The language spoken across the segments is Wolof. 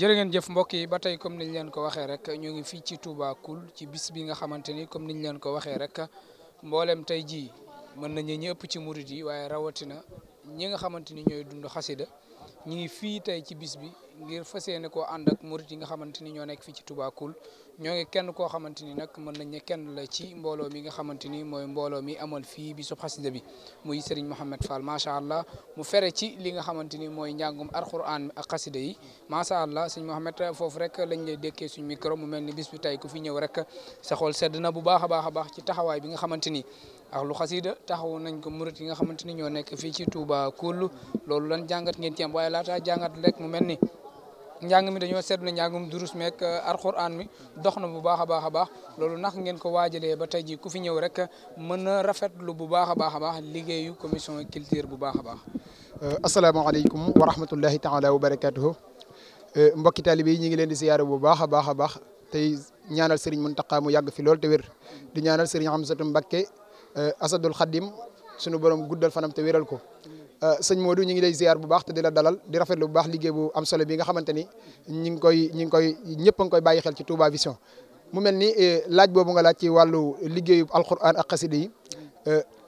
jërë ngeen jëf mbokk yi ba tey comme niñ leen ko waxee rek ñu ngi fii ci Touba Koul ci bis bi nga xamante ni comme niñ leen ko waxee rek mboolem tey jii mën nañu ñi ëpp ci murit yi waaye rawatina ñi nga xamante ni ñooy dund xasida ñu ngi fii tey ci bis bi ngir fas yéene ko ànd ak murit yi nga xamante ni ñoo nekk fii ci Touba ñoo ngi kenn koo xamante ni nag mën nañ ne kenn la ci mbooloo mi nga xamante ni mooy mbooloo mi amal fii bi sub xasida bi muy Serigne Mouhamed Fall macha allah mu fere ci li nga xamante ni mooy njàngum alxuraan ak xasida yi macha allah sëñ Mouhamed foofu rek lañ lay dekkee suñ micro mu mel ni bis bi tey ku fi ñëw rek sa xol sedd na bu baax a baax a baax ci taxawaay bi nga xamante ni ak lu xasida taxaw nañ ko murit yi nga xamante ni ñoo nekk fii ci Touba Koul loolu lan jàngat ngeen ci waaye laataa jàngat rek mu mel ni njàng mi dañoo seetlu ne njàngum durus meek alxuraan mi dox na bu baax a baax a baax loolu nax ngeen ko waajalee ba tey ji ku fi ñëw rek mën a rafetlu bu baax a baax a baax liggéeyu commission culture bu baax a baax. Euh, asalaamaaleykum wa rahmatullahi taala wa barakaatuhu euh, mbokki taalibe yi ñu ngi leen di ziyaare bu baax a baax a baax tey ñaanal Serigne Mountakha mu yàgg fi lool te wér di ñaanal Serigne Hamsatou Mbacké Euh, asadul xaddim sunu borom guddal fanam te wéral ko euh, sëñ Modou ñu ngi lay ziar bu baax te di la dalal di rafetlu bu baax liggéey bu am solo bi nga xamante ni ñi ngi koy ñi ngi koy ñëpp a ngi koy bàyyi xel ci Touba Vision mu mel ni euh, laaj boobu nga laaj ci wàllu liggéeyu alquran ak xasida yi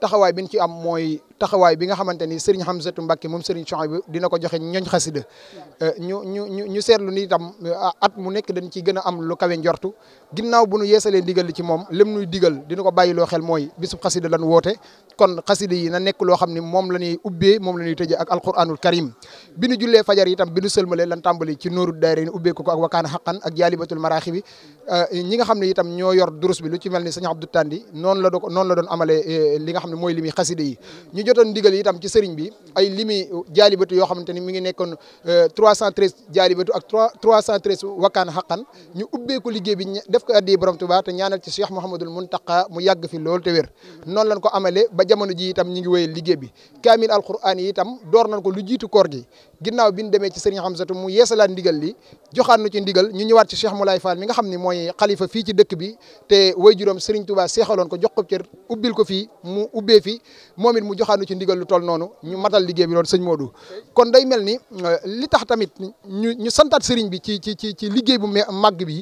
taxawaay bi nga xamante ni Serigne Hamzatu Mbacke moom Serigne Chouaïbou dina ko euh, ni euh, mu nekk dañ ciy a am lu kawe njortu ginnaaw bu nu yeesalee ndigal li ci moom lëm nuy digal dina ko bàyyiloo xel mooy bisub xasida lan woote loo xam ne moom la ñuy ubbee moom la ñuy tëjee ak alquranul karim bi nu jullee fajar itam bi nu sëlmalee lan tàmbali ci nooru daayira ni ubbee ko ak wakaana xaqan ak jaalibatul maraaxi euh, ñi nga xam ne ñoo yor durus bi lu ci mel ni sëñ Abdou Tandi noonu la doon noonu la li nga xam ne mooy limi xasida yi ñu jotoon ndigal itam ci sëriñ bi ay limi jaalibatu yoo xamante ni mi ngi nekkoon 313 euh, jaalibatu ak 313 wakkaan nga xam ne mooy xalifa fii ci dëkk bi te way juróom sëriñ Tuubaa seexaloon ko jox ko ubbil ko fii mu ubbee fi moom it mu joxaanu ci ndigal lu toll noonu ñu matal liggéey bi loolu sëñ Modou kon day mel ni euh, li tax tamit ñu ñu santaat sëriñ bi ci ci ci ci liggéey bu màgg bi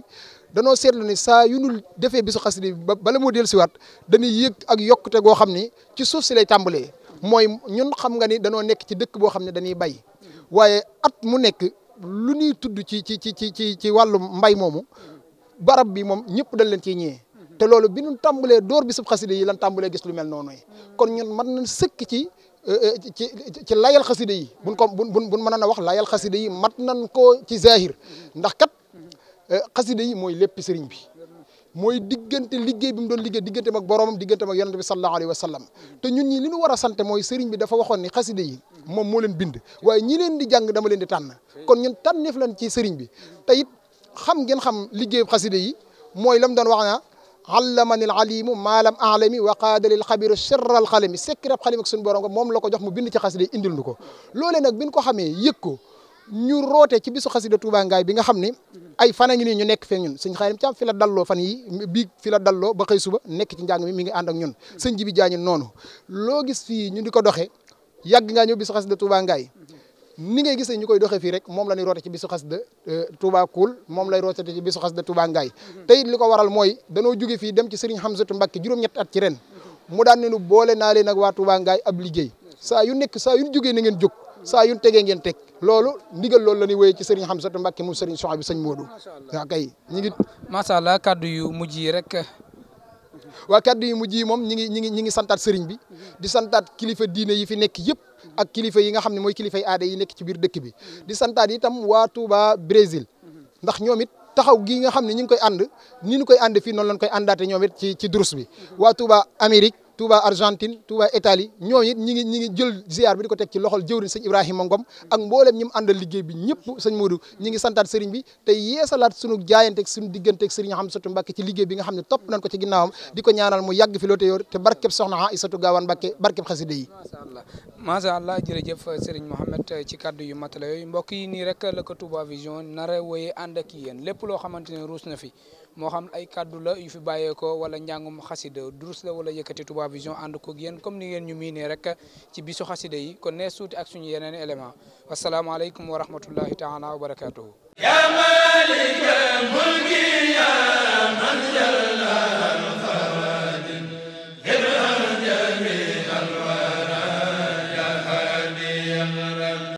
danoo seetlu ne saa yu nu defee bisu xasida bi bala moo dellusiwaat dañuy yëg ak yokkute goo xam ni ci suuf si lay tàmbalee mooy ñun xam nga ni danoo nekk ci dëkk boo xam ne dañuy bay waaye at mu nekk lu ñuy tudd ci ci ci ci ci wàllu mbay moomu barab bi moom ñëpp dañ leen ciy ñëwee. te loolu bi ñu tàmbalee door bi sub xasida yi lan tàmbalee gis lu mel noonu yi kon ñun mën nañ sëkk ci ci ci layal xasida yi buñ ko buñ buñ buñ mën na wax layal xasida yi mat nan ko ci zahir ndax kat xasida yi mooy lépp sëriñ bi mooy diggante liggéey bi mu doon liggéey digganteem ak boromam digganteem ak yonent bi sallallahu alayhi wa sallam te ñun ñi li ñu war a sant mooy sëriñ bi dafa waxoon ni xasida yi moom moo leen bind waaye ñi leen di jàng dama leen di tànn ko ñun tànneef lan ci sëriñ bi te xam ngeen xam liggéey xasida yi mooy lam doon wax allamani al alimu maalam alami wa qaadalil xabiru sirra al xalami sekkirab xalim ak suñu borom ko moom la ko jox mu bind ci xasida indil nu ko loolee nag biñ ko xamee yëg ko ñu roote ci bisu xasida Touba Ngaye bi nga xam ni ay fan a ngi nii ñu nekk fee ñun sëñ Xaadim Caam fi la dalloo fan yi bii fi la dalloo ba xëy suba nekk ci njàng mi mi ngi ànd ak ñun sëñ Jibi Jaañ noonu loo gis fii ñu di ko doxe yàgg ngaa ñëw bisu xasida Touba Ngaye ni ngay gisee ñu koy doxee fii rek moom la ñuy roote ci bisu xasida euh, Touba Koul moom lay roote ci bisu xasida Touba Ngaye mhm. te it li ko waral mooy danoo jóge fii dem ci Serigne Hamzatu Mbacké juróom-ñett at ci ren mu daan ne nu boole naa leen ak waa Touba Ngaye ab liggéey saa yu nekk saa yu jógee na ngeen jóg saa yu tegee ngeen teg loolu ndigal loolu la ñuy wéyee ci Serigne Hamzatu Mbacké mu Serigne Soxabi Sëñ Modou waaw kay ñu ngi macha allah kaddu yu mujj yi rek waa kaddu yi mujj yi moom ñi ngi ñi ngi ñi ngi santaat sëriñ bi di santaat kilifa diine yi fi nekk yëpp ak kilifa yi nga xam ne mooy kilifay aada yi nekk ci biir dëkk bi di santaat itam waatu Touba Brésil ndax ñoom it taxaw gi nga xam ne ñu ngi koy ànd ni ñu koy ànd fii noonu lañ koy àndaate ñoomit ci ci durus bi waatu Touba Amérique Touba Argentine Touba Italie ñooñu it ñi ngi ñi ngi jël ziar bi di ko teg ci loxol jëwriñ sëñ Ibrahima Ngom ak mboolem ñi mu àndal liggéey bi ñëpp sëñ Modou ñi ngi santaat sëriñ bi te yeesalaat sunu jaayanteeg sunu digganteeg sëriñ bi nga xam ne topp nañ ko ci ginnaawam di ko ñaanal mu yàgg fi loo te te barkeb yi macha allah jërëjëf kaddu yu matala yooyu mbokk yi nii la ko Touba Vision nara woyee ànd ak yéen lépp loo xamante ne ruus na fi moo xam ay kaddu la yu fi bàyyeekoo wala njàngum xasida durus la wala yëkkati Touba vision ànd koog yéen comme ni ngeen ñu miinee rek ci bisu xasida yi kon nee suuti ak suñu yeneen élément wasalaamaaleykum wa rahmatullahi taala wa